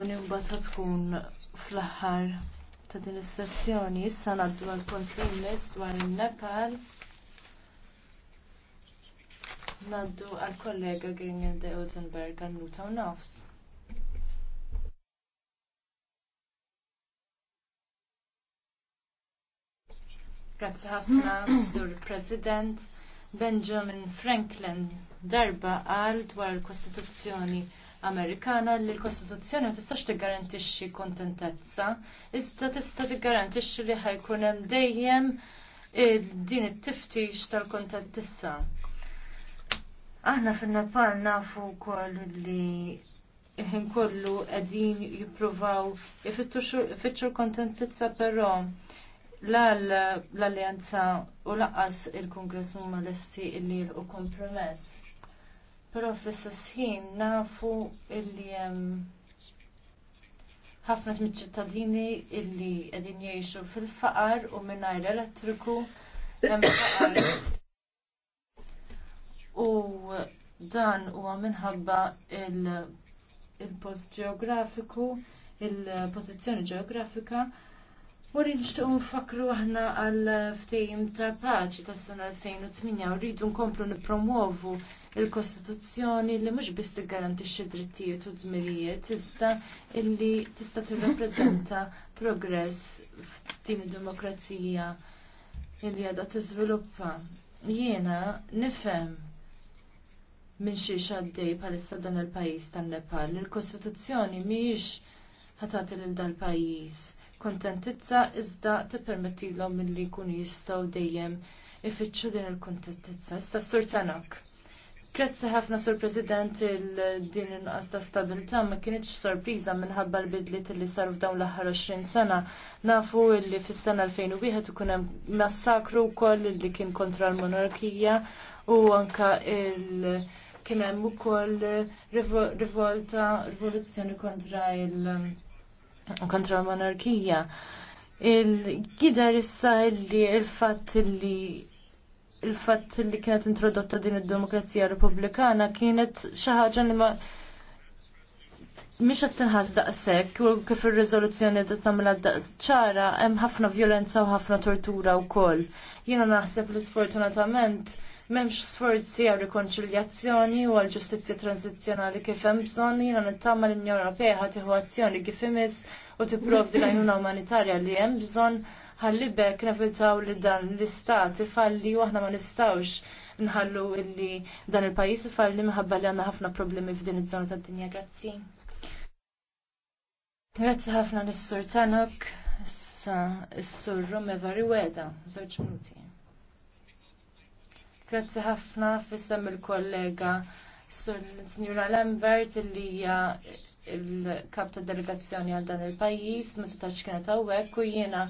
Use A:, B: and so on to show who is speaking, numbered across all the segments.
A: Nimbata tkun fl-aħħar ta' din is-sessjoni, issa ngħaddu għal punt li dwar in-Nepal. Naddu għal kollega Gringen de Utenberg għal nuta u nofs. Grazzi ħafna, Sur President Benjamin Franklin darba għal dwar il-Kostituzzjoni Amerikana li l-Kostituzzjoni ma tistax tiggarantixxi kontentezza, iżda tista' tiggarantixxi li ħajkun hemm dejjem din it-tiftix tal kontentissa Aħna fin-Nepal nafu wkoll li ħin kollu qegħdin jippruvaw ifittxu kontentizza però l-Alleanza u laqqas il-Kongress huma lesti illi jilqu kompromess. Però fl-istess ħin nafu illi ħafna mill-ċittadini illi qegħdin jgħixu fil-faqar u mingħajr elettriku hemm faqar. U dan huwa minħabba il-post ġeografiku, il-pożizzjoni ġeografika U rridu nixtiequ nfakru aħna għal ftehim ta' paċi tas-sena 2008 u rridu nkomplu nippromuovu il-Kostituzzjoni li mhux biss tiggarantixxi drittijiet u dmirijiet iżda illi tista' tirrappreżenta progress f'din id-demokrazija illi għadha tiżviluppa. Jiena nifhem minn xi xaddej bħalissa dan il-pajjiż tan-Nepal. Il-Kostituzzjoni mhijiex ħatat il-dal-pajis. lil dal-pajjiż kontentizza iżda tippermettilhom milli jkunu jistgħu dejjem ifittxu din il-kontentizza. Issa s Grazzi ħafna sur President il-din il-Nqas ta' stabilta ma kienx sorpriża minħabba l-bidliet li saru f'dawn l-aħħar 20 sena. Nafu li fis-sena 2001 ikun hemm massakru wkoll li kien kontra l-monarkija u anka il- kien hemm ukoll rivolta rivoluzzjoni kontra il- kontra l-monarkija. Il-gider issa li il-fat li il-fatt li kienet introdotta din id-demokrazija repubblikana kienet xi ħaġa li ma mish qed tinħas daqshekk u kif ir-riżoluzzjoni qed tagħmilha daqs ċara hemm ħafna vjolenza u ħafna tortura wkoll. Jiena naħseb li sfortunatament M'hemmx sforzi għal rikonċiljazzjoni u għal ġustizzja tranzizzjonali kif hemm bżonn jiena nittama l-Unjoni Ewropea ħadd tieħu azzjoni kif imiss u tipprovdi l-għajnuna umanitarja li hemm bżonn ħalli bekk nevitaw li dan l-istat ifalli u aħna ma nistawx nħallu illi dan il-pajis ifalli minħabba li għandna ħafna problemi f'din iż-żona tad-dinja. Grazzi. Grazzi ħafna lis-Sur Tanok, issa s-Sur Rome Variweda, żewġ minuti. Grazzi ħafna fissam il-kollega Signora Lambert li hija il-kap ta' delegazzjoni għal dan il-pajjiż ma setax kienet hawnhekk u jiena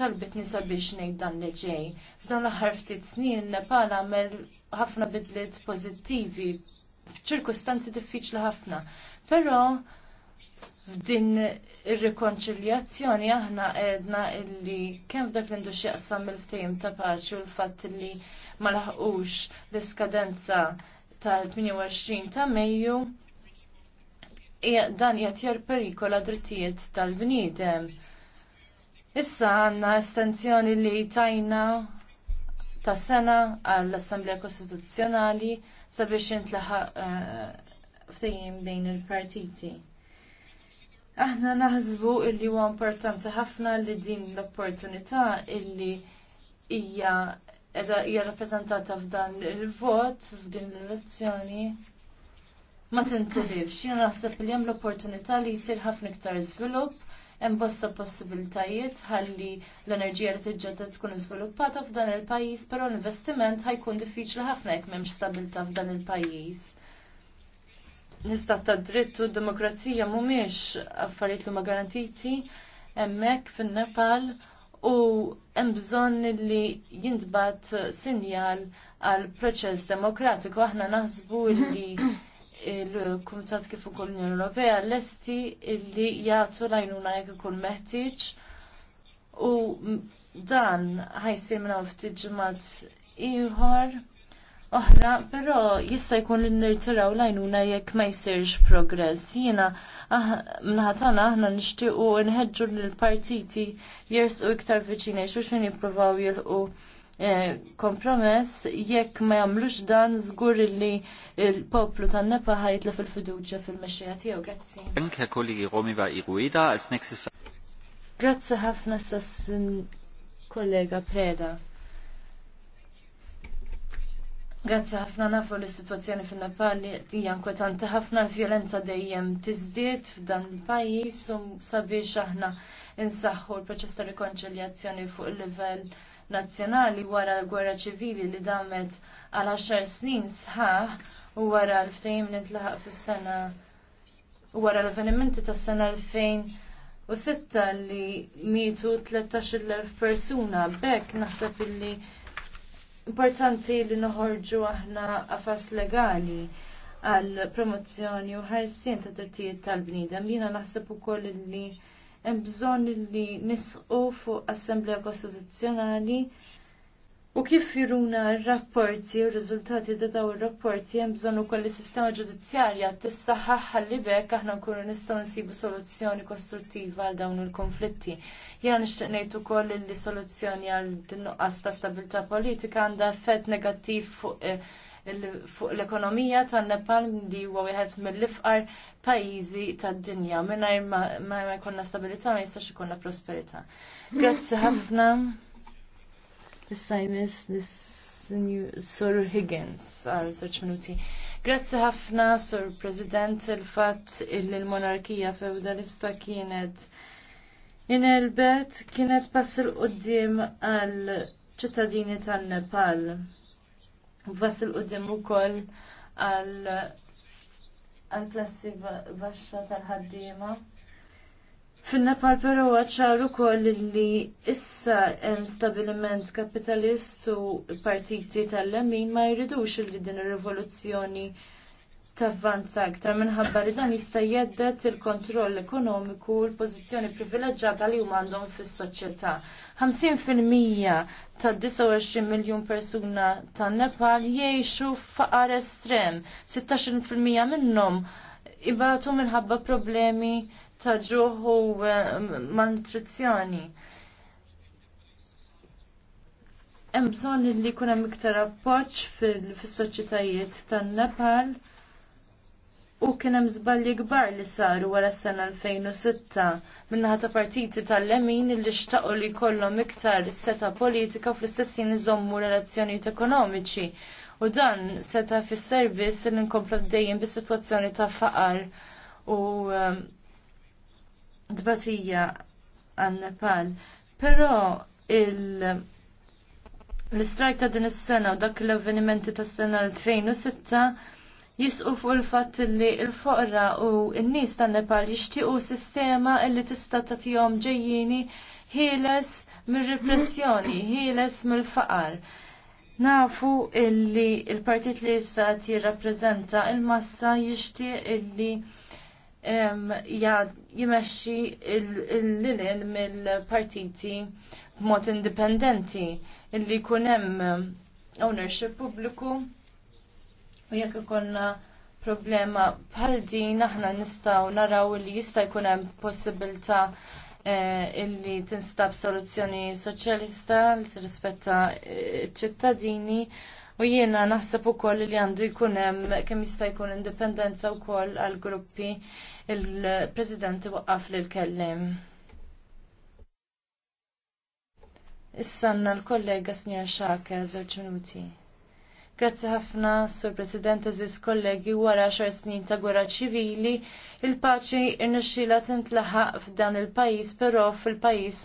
A: talbit nisa biex ngħid dan li ġej. F'dawn l-aħħar ftit snin Nepal għamel ħafna bidliet pożittivi f'ċirkustanzi diffiċli ħafna. Però f'din ir-rikonċiljazzjoni aħna għedna illi kemm f'dak l-indu xieqsam il-ftehim ta' paċi u l-fatt illi ma laħqux l-iskadenza tal-28 ta' Mejju dan jatjer perikola drittijiet tal-bniedem. Issa għandna estensjoni li tajna ta' sena għall-Assemblea Kostituzzjonali sabiex jintlaħa eh, ftejjin bejn il-partiti. Aħna naħsbu illi huwa importanti ħafna li din l-opportunità illi hija edha hija rappreżentata f'dan il-vot f'din l-elezzjoni ma tintilibx. Jien naħseb li hemm l-opportunità li jsir ħafna iktar żvilupp hemm bosta possibiltajiet ħalli l-enerġija li tiġġedda tkun iżviluppata f'dan il-pajjiż, però l-investiment ħajkun diffiċli ħafna jekk m'hemmx stabilità f'dan il-pajjiż. Nistat ta' dritt u d-demokrazija mhumiex affarijiet li ma garantiti hemmhekk fin-Nepal u hemm bżonn li jintbat sinjal għal proċess demokratiku aħna naħsbu li il-Kumitat kif ukoll l-Unjoni Ewropea lesti li jagħtu lajnuna jekk ikun meħtieġ u dan ħajsimna ftit ġimgħat ieħor oħra, però jista' jkun li nirtiraw lajnuna jekk ma jsirx progress. Jiena mnaħatana aħna nixtiequ nħeġġu l-partiti jersu iktar viċini x'in jippruvaw jilqu eh, kompromess jekk ma jagħmlux dan żgur li l-poplu tan-Nepa ħajtla fil-fiduċja fil-mexxija tiegħu. Grazzi.
B: Anke kollegi Romi va Irwida as
A: Grazzi ħafna sas kollega Preda. Grazzi ħafna nafu li situazzjoni fin nepal hija inkwetanti ħafna l-vjolenza dejjem tiżdied f'dan il-pajjiż u sabiex aħna insaħħu l-proċess ta' rikonċiljazzjoni fuq il-livell nazzjonali wara l-gwerra ċivili li damet għal 10 snin sħaħ u wara l-ftehim li fis-sena wara l-avvenimenti tas-sena 2000 u sitta li mietu 13,000 persuna bekk naħseb illi Importanti li noħorġu aħna għafas legali għal promozzjoni u ħarsien ta' drittijiet tal-bniedem. Jiena naħseb ukoll li hemm bżonn li nisqu fuq assembleja kostituzzjonali U kif jiruna r-rapporti u r-riżultati ta' daw ir-rapporti hemm bżonn ukoll is-sistema ġudizzjarja tissaħħaħ li bekk aħna nkunu nistgħu nsibu soluzzjoni kostruttiva għal dawn il-konflitti. Jena nixtieq ngħid ukoll li soluzzjoni għal dinnuqqas nuqqas ta' stabilità politika għandha effett negattiv fuq eh, l-ekonomija tan Nepal li huwa wieħed mill-ifqar pajjiżi tad-dinja. Mingħajr ma jkollna stabilità ma jistax ikollna prosperità. Grazzi ħafna l-sajmis l-Sur Higgins għal zoċ minuti. Grazzi ħafna, Sur President, il-fat il-monarkija feudalista kienet inelbet kienet pass il-qoddim għal ċittadini tal-Nepal. Pass il-qoddim u koll għal klassi baxxa tal-ħaddima Fin-Nepal però ċar ukoll li issa hemm stabiliment kapitalist u partiti tal-lemin ma jridux li din ir-rivoluzzjoni tavvanza aktar minħabba li dan jista' jeddet il-kontroll ekonomiku u l-pożizzjoni privileġġjata li huma għandhom fis-soċjetà. 50% ta' 29 miljun persuna ta' Nepal jgħixu f'faqar estrem, 16% minnhom ibatu minħabba problemi ta' ġuħu eh, malnutrizzjoni. Hemm bżonn li jkun hemm iktar appoġġ fis-soċjetajiet tan-Nepal u kien hemm żbalji kbar li saru wara s-sena 2006 minnaħa ta' partiti tal-lemin li xtaqu li jkollhom iktar seta' politika fl istessin iżommu relazzjonijiet ekonomiċi. U dan seta' fis-servizz li nkomplu dejjem bis-sitwazzjoni ta' faqar u ehm, dbatija għan Nepal. Però l-istrajk ta' din is-sena u dak l-avvenimenti tas sena l-2006 jisqu fuq il-fatt li l-foqra u n-nies tan Nepal jixtiequ sistema li tista' tagħtihom ġejjini ħieles mir-repressjoni, ħieles mill-faqar. Nafu illi l-partit li jista' jirrappreżenta l massa jixtieq illi jimmexxi l-lilin mill-partiti b'mod indipendenti illi jkun hemm ownership pubbliku u jekk ikollna problema bħal din aħna nistgħu naraw li jista' jkun hemm possibilità eh, illi tinstab soluzzjoni soċjalista li tirrispetta ċ-ċittadini eh, U jiena naħseb ukoll li għandu jkun hemm kemm jista' jkun indipendenza wkoll għal gruppi il-President waqqaf li l-kellim. Issanna l-kollega Snija Xhaka żewġ minuti. Grazzi ħafna, Sur President, eżis kollegi, wara xar snin ta' gwerra ċivili, il-paċi irnexxila tintlaħaq f'dan il-pajis, però fil-pajis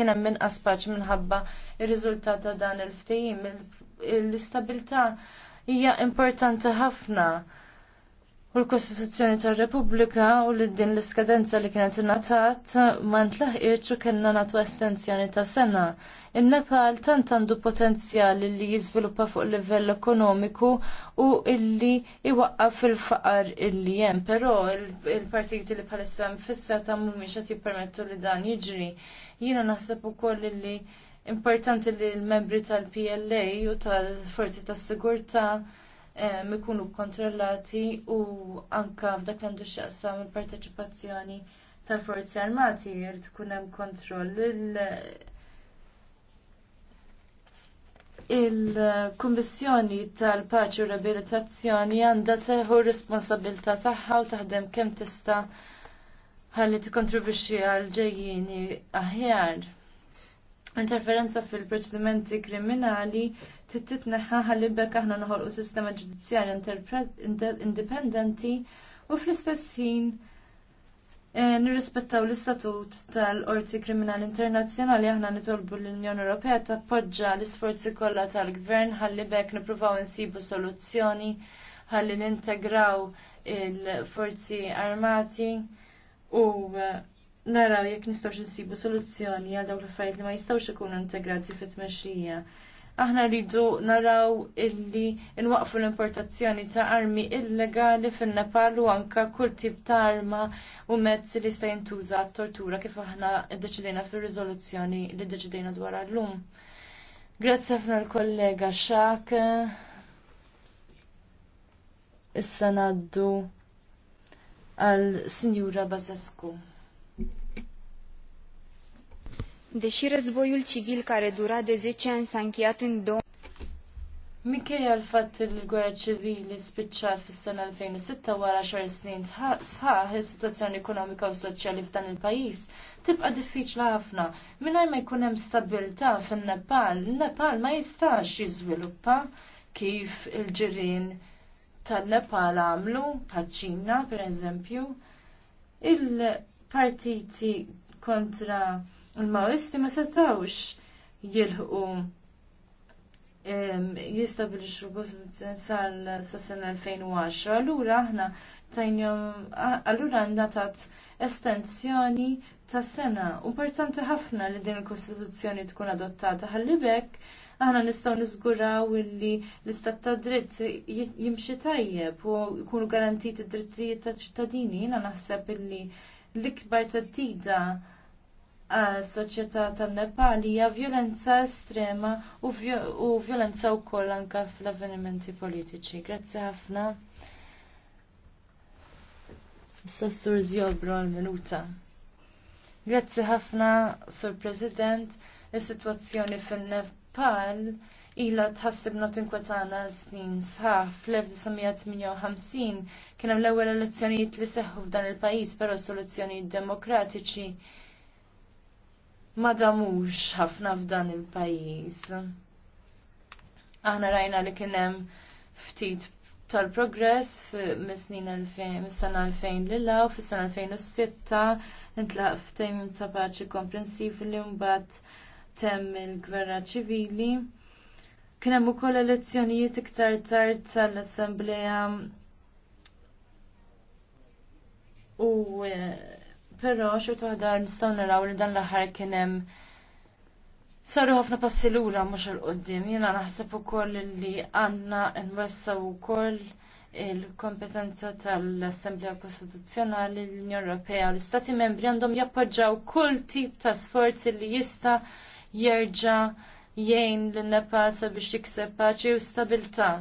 A: kien hemm inqas paċi minħabba r riżultat ta' dan il-ftehim l-istabilità hija importanti ħafna. U l-Kostituzzjoni tar-Repubblika u li din l-iskadenza li kienet ingħatat ma ntlaħqitx u kellna nagħtu estensjoni ta' sena. In-Nepal tant għandu potenzjali li jiżviluppa fuq livell ekonomiku u illi iwaqqaf fil-faqar illi hemm, però il-partiti li bħalissa mfissa ta' mhumiex qed jippermettu li dan jiġri. Jiena naħseb ukoll li importanti li l-membri tal-PLA u tal-Forzi tas-Sigurtà ikunu kontrollati u anka f'dak li għandu x'jaqsam il-parteċipazzjoni tal-Forzi Armati jrid ikun hemm kontroll il-Kummissjoni tal-Paċi u Rehabilitazzjoni għandha teħu responsabilità tagħha u taħdem kemm tista' ħalli tikkontribwixxi għal ġejjini aħjar interferenza fil-proċedimenti kriminali titneħħa ħalibek aħna noħolqu sistema ġudizzjarja indipendenti u fl-istess ħin eh, nirrispettaw l-istatut tal-Qorti Kriminali Internazzjonali aħna nitolbu l-Unjoni Ewropea tappoġġa l-isforzi kollha tal-Gvern ħalli nippruvaw insibu soluzzjoni ħalli nintegraw il-forzi armati u eh, naraw jekk nistgħux insibu soluzzjoni għal dawk l-affarijiet li ma jistgħux ikunu integrati fit-tmexxija. Aħna rridu naraw illi nwaqfu l-importazzjoni ta' armi illegali fin-Nepal u anka kull tip ta' arma u mezzi li sta' jintuża tortura kif aħna ddeċidejna fir-riżoluzzjoni li ddeċidejna dwar llum. Grazzi ħafna l-kollega Xak. Issa naddu għal Sinjura Bazescu. Deși războiul civil care dura de 10 ani s-a încheiat în 2000, Mikkejja l-fatt li l-gwerra ċivili spiċċat fis-sena 2006 wara xar snin sħaħ is-sitwazzjoni ekonomika u soċjali f'dan il-pajjiż tibqa' diffiċli ħafna. Mingħajr ma jkun hemm stabilità fin-Nepal, nepal ma jistax jiżviluppa kif il-ġirien tan-Nepal għamlu bħaċ-Ċina pereżempju. Il-partiti kontra il-Maoisti ma setawx jilħu jistabilixu kostituzzjoni sal sa sena 2010, allura aħna tajnjom, allura għandna tat estensjoni ta' sena. Importanti ħafna li din il-kostituzzjoni tkun adottata ħallibek, aħna nistaw nizguraw illi l-istat ta' dritt jimxi tajjeb u jkunu garantiti d-drittijiet ta' ċittadini, jina naħseb illi l-ikbar ta' tida soċjetà tan-Nepal hija vjolenza estrema u, vjolenza wkoll anke fl-avvenimenti politiċi. Grazzi ħafna. Sassur Zjobro għal-minuta. Grazzi ħafna, Sur President, is-sitwazzjoni fil-Nepal ilha tħassibna tinkwetana snin sħaħ. Fl-1958 kien hemm l-ewwel elezzjonijiet li seħħu f'dan il-pajjiż però soluzzjonijiet demokratiċi ma damux ħafna f'dan il-pajjiż. Aħna rajna li kien hemm ftit tal-progress mis-snin mis 2000 lilla u fis-sena 2006 intlaq ftim ta' paċi komprensiv li mbagħad temm il-gwerra ċivili. Kien hemm ukoll elezzjonijiet iktar tard tal-Assembleja u eh, però xorta waħda nistgħu naraw li dan l-aħħar kien hemm saru ħafna passi lura mhux il qoddim Jiena naħseb ukoll li għandna nwessaw ukoll il-kompetenza tal-Assemblea Kostituzzjonali l-Unjoni Ewropea l-Istati membri għandhom jappoġġaw kull tip ta' sforzi li jista' jerġa' jgħin lin nepal sabiex jikseb paċi u stabilità.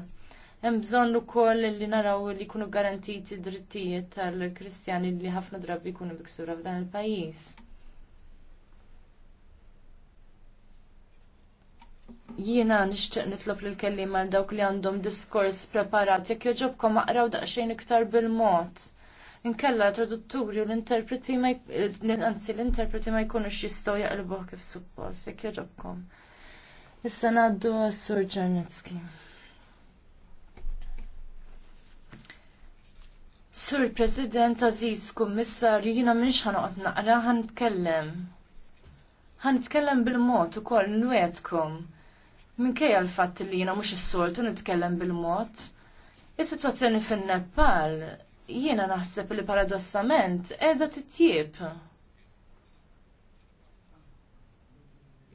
A: Hemm bżonn ukoll li naraw li jkunu garantiti drittijiet tal-Kristjani li ħafna drabi jkunu biksura f'dan il-pajjiż. Jiena nixtieq nitlob lil kelliem għal dawk li għandhom diskors preparat jekk joġobkom aqraw daqsxejn iktar bil-mod. Inkella tradutturi u l-interpreti ma eh, anzi l-interpreti ma jkunux jistgħu jaqilbuh kif suppost, jekk joġobkom. Issa ngħaddu għas-Sur Ġarnetski. Sur President Aziz Kummissarju, jina minx ħanoqot naqra ħantkellem. Ħantkellem bil-mod ukoll nwedkom. Minkejja l fat li jina mhux is-soltu nitkellem bil-mod. Is-sitwazzjoni fin-Nepal jiena naħseb li paradossament qiegħda titjib.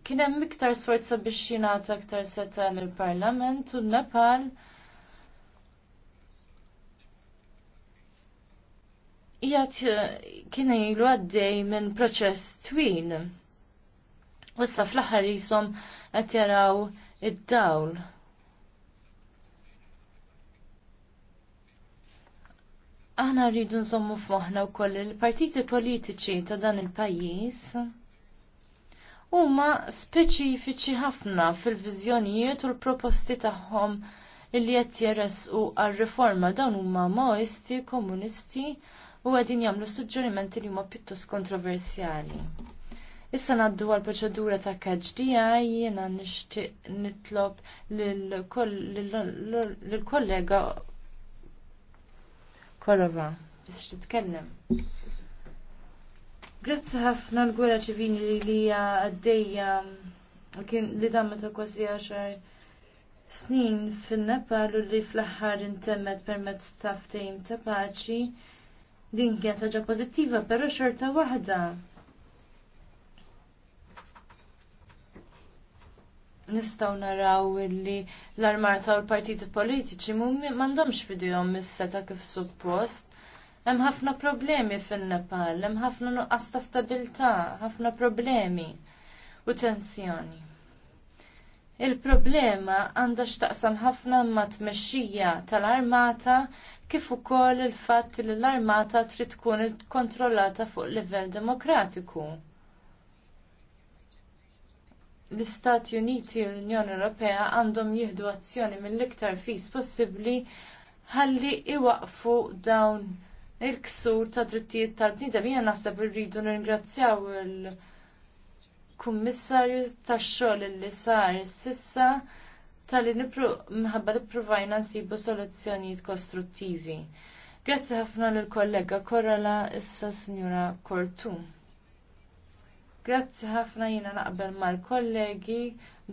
A: Kien hemm iktar sforza biex jingħata aktar seta il parlament u n Nepal. jgħat eh, kien ilu għaddej minn proċess twil. Wissa fl-aħħar jisom qed jaraw id-dawl. Aħna rridu nżommu f'moħħna wkoll il-partiti politiċi ta' dan il-pajjiż huma speċifiċi ħafna fil-viżjonijiet u l-proposti tagħhom li qed jerasqu għar-riforma dawn huma Maoisti, Komunisti, u għedin jamlu suġġerimenti li huma pjuttost kontroversjali. Issa naddu għal proċedura ta' KHDI jiena nixtieq nitlob lill-kollega Korova biex titkellem. Grazzi ħafna l-gwera ċivini li li għaddejja li damet kważi għaxar snin fin-Nepal u li fl-aħħar intemmet permezz ta' ta' paċi Din kienet ħaġa pożittiva, però xorta waħda. Nistgħu naraw li l-armata u l-partiti politiċi m'għandhomx fidejhom mis-seta kif suppost. Hemm ħafna problemi fin-Nepal, hemm ħafna nuqqas ta' stabilità, ħafna problemi u tensjoni. Il-problema għandha x'taqsam ħafna ma' tmexxija tal-armata kif ukoll il-fatt li l-armata trid tkun kontrollata fuq livell demokratiku. L-Istati Uniti u l-Unjoni Ewropea għandhom jieħdu azzjoni mill-iktar fis possibbli ħalli iwaqfu dawn il-ksur ta' drittijiet tal bnidem Jiena naħseb irridu nirringrazzjaw il-, -il kummissarju tax-xogħol li sar sissa tal-li mħabba li provajna nsibu soluzzjonijiet kostruttivi. Grazzi ħafna lill kollega Korola issa Sinjura Kortu. Grazzi ħafna jiena naqbel mal-kollegi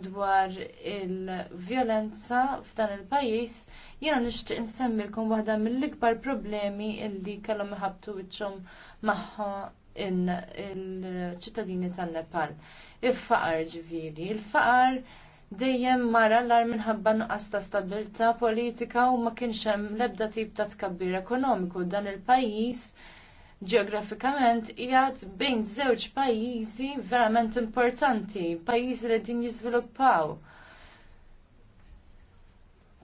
A: dwar il-violenza f'dan il-pajis, jiena nixtieq insemmilkom waħda mill-ikbar problemi illi kellhom iħabtu wiċċhom magħha il-ċittadini tan-Nepal. Il-faqar ġviri, il-faqar dejjem mara l-ar minħabba nuqqas ta' stabilta politika u ma kienx hemm l-ebda tip ta' tkabbir ekonomiku dan il-pajjiż ġeografikament jgħat bejn żewġ pajjiżi verament importanti, pajjiżi li din jiżviluppaw.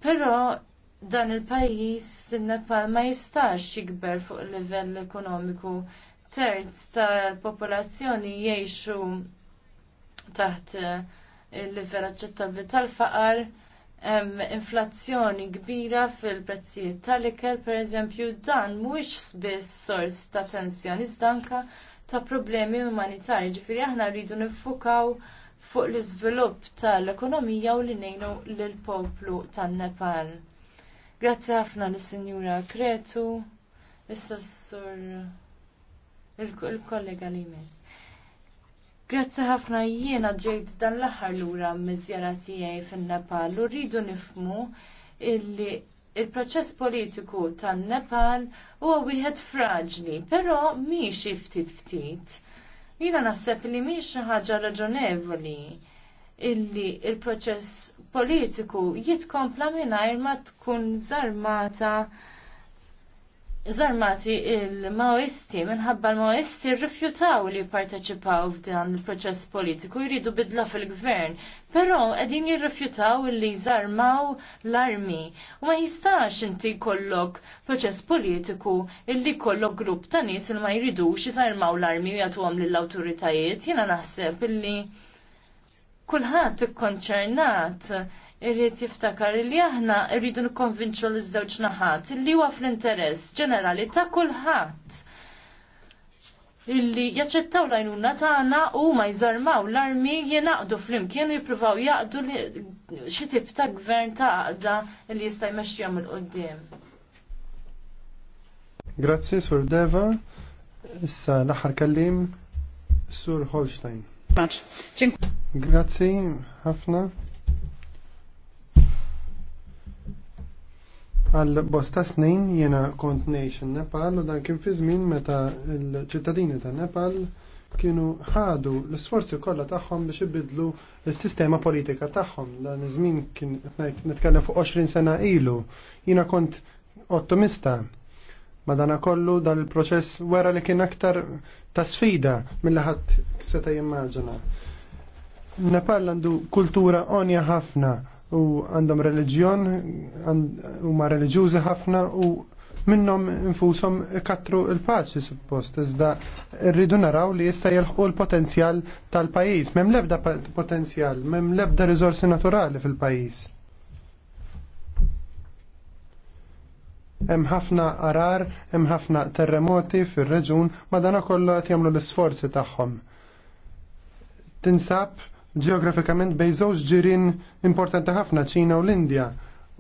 A: Però dan il-pajjiż in-Nepal ma jistax jikber fuq il livell ekonomiku terz tal-popolazzjoni jgħixu taħt eh, il-livell aċċettabbli tal-faqar, inflazzjoni kbira fil-prezzijiet tal-ikel, pereżempju, dan mhuwiex biss sors ta' tensjoni stanka ta' problemi umanitarji. Ġifieri aħna rridu niffukaw fuq l-iżvilupp tal-ekonomija u li ngħinu lill-poplu tan-Nepal. Grazzi ħafna lis sinjura Kretu, issa sur il-kollega li jmiss. Grazzi ħafna jiena ġejt dan l-aħħar lura miżjara tiegħi fin-Nepal u rridu nifmu illi il-proċess politiku tan-Nepal huwa wieħed fraġli, però mhix ftit ftit. Jiena naħseb li mhix xi ħaġa raġonevoli illi il-proċess politiku jitkompla mingħajr ma tkun żarmata Zarmati il-Maoisti minħabba l-Maoisti rrifjutaw li parteċipaw f'dan il-proċess politiku jridu bidla fil-gvern, però qegħdin jirrifjutaw li zarmaw l-armi. U ma jistax inti kollok proċess politiku illi kollok grupp ta' nies li ma jridux jizarmaw l-armi u jagħtuhom lill-awtoritajiet, jiena naħseb illi kulħadd ikkonċernat irrid jiftakar li aħna rridu nikkonvinċu l-żewġ naħat li huwa fl-interess ġenerali ta' kulħadd illi jaċċettaw l-għajnuna tagħna u ma jżarmaw l-armi jingħaqdu flimkien jippruvaw jaqdu xi tip ta' gvern ta' għaqda li jista' jmexxihom il qudiem
B: Grazzi, Sur Deva. Issa l-aħħar kellim Sur Holstein. Grazzi, ħafna. Għal bosta snin jiena kont nation nepal u dan kien fi żmien meta l-ċittadini ta' Nepal kienu ħadu l-sforzi kollha tagħhom biex ibidlu s-sistema politika tagħhom. Dan iż-żmien kien nitkellem fuq 20 sena ilu. Jiena kont ottimista madana kollu dan il-proċess wara li kien aktar ta' sfida mill ħadd seta' jimmaġina. Nepal għandu kultura onja ħafna u għandhom reliġjon, huma reliġjużi ħafna u minnhom infushom kattru l-paċi suppost, iżda rridu naraw li issa jelħu l-potenzjal tal-pajjiż. M'hemm l-ebda potenzjal, mem l-ebda naturali fil-pajjiż. Hemm ħafna arar, hemm ħafna terremoti fir-reġun, ma dana kollu qed jagħmlu l-isforzi tagħhom. Tinsab ġeografikament bej żewġ ġirien importanti ħafna ċina u l-Indja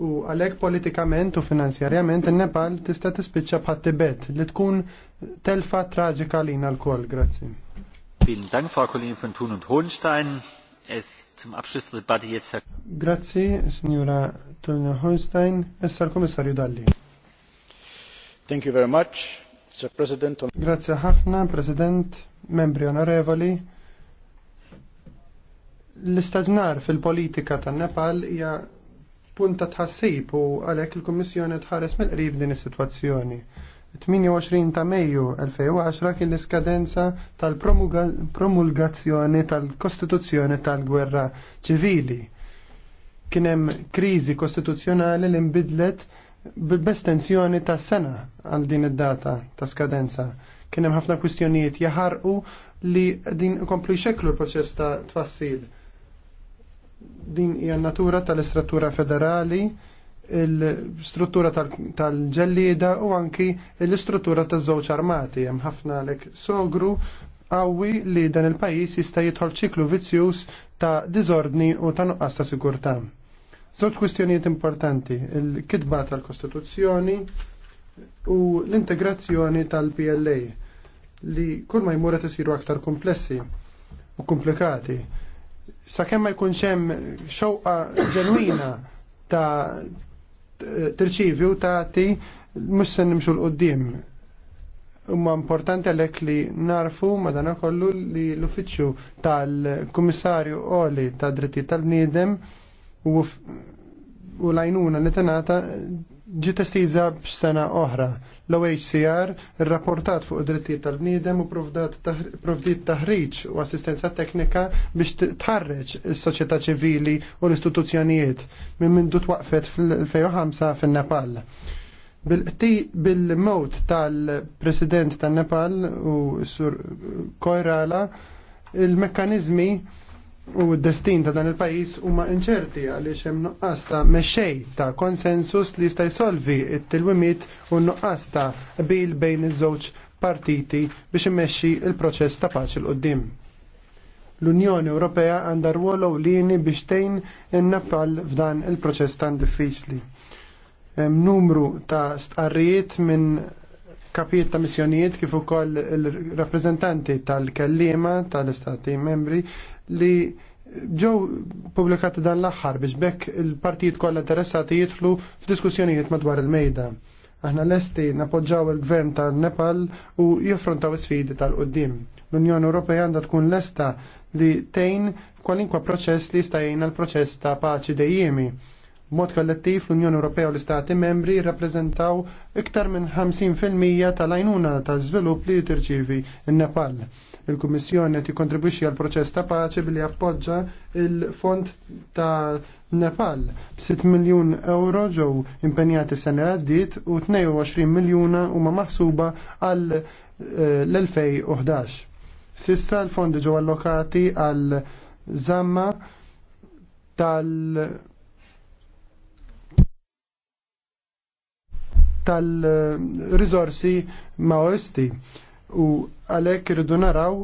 B: u għalhekk politikament u finanzjarjament in-Nepal tista' tispiċċa bħat Tibet li tkun telfa traġika lina l-kol. Grazzi. Vielen Dank, Frau Kollegin von Thun und Hohenstein. Es zum Abschluss der Debatte jetzt Herr Grazie, signora Thun und Hohenstein. Es Herr Kommissario Dalli. Thank you very much, Sir President. Grazie ħafna, President, membri onorevoli L-istaġnar fil-politika tan-Nepal hija punta tħassib u għalhekk il-Kummissjoni tħares mill-qrib din is-sitwazzjoni. 28 ta' Mejju 2010 kien l-iskadenza tal-promulgazzjoni tal-Kostituzzjoni tal-Gwerra Ċivili. Kien hemm kriżi kostituzzjonali li nbidlet bil tensjoni ta' sena għal din id-data ta' skadenza. Kien hemm ħafna kwistjonijiet jaħarqu li din ikomplu jxekklu l-proċess ta' tfassil din hija natura tal-istruttura federali, l-struttura tal-ġellieda u anki l-istruttura taż-żewġ armati. Hemm ħafna lek sogru qawwi li dan il-pajjiż jista' jidħol ċiklu vizzjuż ta' diżordni u ta' nuqqas ta' sigurtà. Żewġ kwistjonijiet importanti, il-kitba tal-Kostituzzjoni u l-integrazzjoni tal-PLA li kull ma jmur qed isiru aktar komplessi u komplikati sakemm ma jkunx hemm xewqa ġenwina ta' tirċivju u tagħti mhux se nimxu l qudiem Imma importanti għalhekk li narfu madanakollu li l-uffiċċju tal-Kummissarju Oli ta' dritti tal-Bniedem u u lajnuna li tenata ġi testiza b'sena oħra. L-OHCR rrapportat fuq drittijiet tal-bniedem u provdiet taħriġ u assistenza teknika biex tħarreġ is-soċjetà ċivili u l-istituzzjonijiet minn mindu twaqfet fl 2005 fin-Nepal. Bil-mot tal-President tan-Nepal u Sur Koirala, il-mekkanizmi u d-destin ta' dan il-pajis huma inċerti għaliex hemm nuqqas ta' mexxej ta' konsensus li jista' jsolvi t-tilwimiet u nuqqas ta' bil bejn iż-żewġ partiti biex imexxi il-proċess ta' paċi l qoddim L-Unjoni Ewropea għandha rwol ewlieni biex tgħin innafal f'dan il-proċess tan diffiċli. Hemm numru ta' stqarrijiet minn kapijiet ta' missjonijiet kif ukoll il-rappreżentanti tal-kellima tal-istati membri li ġew publikati dan l-aħħar biex bekk il-partijiet kollha interessati jidħlu f'diskussjonijiet madwar il-mejda. Aħna lesti napoġġaw il-gvern tal-Nepal u jiffrontaw sfidi tal qudiem L-Unjoni Ewropea għandha tkun lesta li tejn kwalinkwa proċess li jista' jgħin l-proċess ta' paċi dejjemi Mod kollettiv l-Unjoni Ewropea u l-Istati membri rappreżentaw iktar minn 50% tal-għajnuna ta' żvilupp li tirċivi n-Nepal. Il-Kummissjoni qed jikkontribwixxi għal proċess ta' paċi billi appoġġa il-Fond ta' Nepal b'6 miljun euro ġew impenjati sena għaddiet u 22 miljuna huma maħsuba għal eh, l-2011. Sissa l-fondi ġew allokati għal zamma tal- tal-rizorsi maoisti u għalek irridu naraw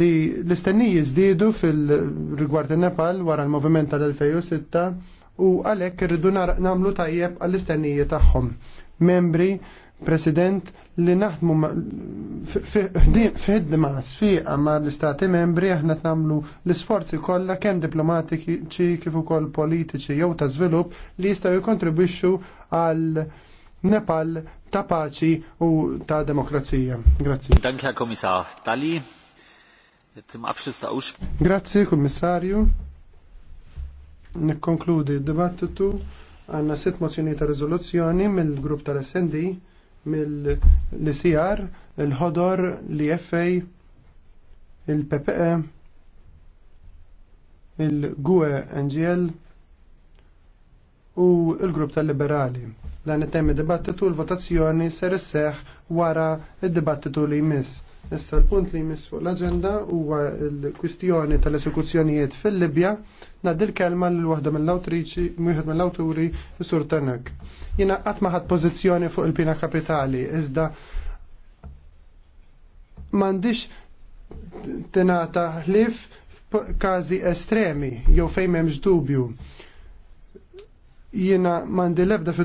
B: li l-istenniji jizdidu fil-rigward il-Nepal wara l-moviment tal-2006 u għalek irridu namlu tajjeb għall-istenniji tagħhom. Membri, President, li naħdmu f'ħidma sfiqa ma l-istati membri aħna namlu l-isforzi kollha kemm diplomatiċi kif ukoll politiċi jew ta' żvilupp li jistgħu jikontribwixxu għal Nepal ta' paċi u ta' demokrazija. Grazzi. Danke, Komisar Tali. Grazzi, Kommissarju. Nikkonkludi d-dibattitu għanna sitt mozzjoni ta' rezoluzzjoni mill-grupp tal-SND, mill-ICR, il-ħodor, l-IFA, il-PPE, il-GUE NGL, u l-grupp tal-liberali. Dan it-temi dibattitu l-votazzjoni ser isseħ wara id-dibattitu li jmiss. Issa l-punt li jmiss fuq l-agenda huwa l-kwistjoni tal-esekuzzjonijiet fil-Libja nad l-kelma l-waħda mill-awtriċi, mwieħed mill-awturi, Sur Tanak. Jina qatt ma pożizzjoni fuq il-pina kapitali, iżda m'għandix tingħata ħlief f'każi estremi jew fejn m'hemmx dubju jiena mandi lebda fidu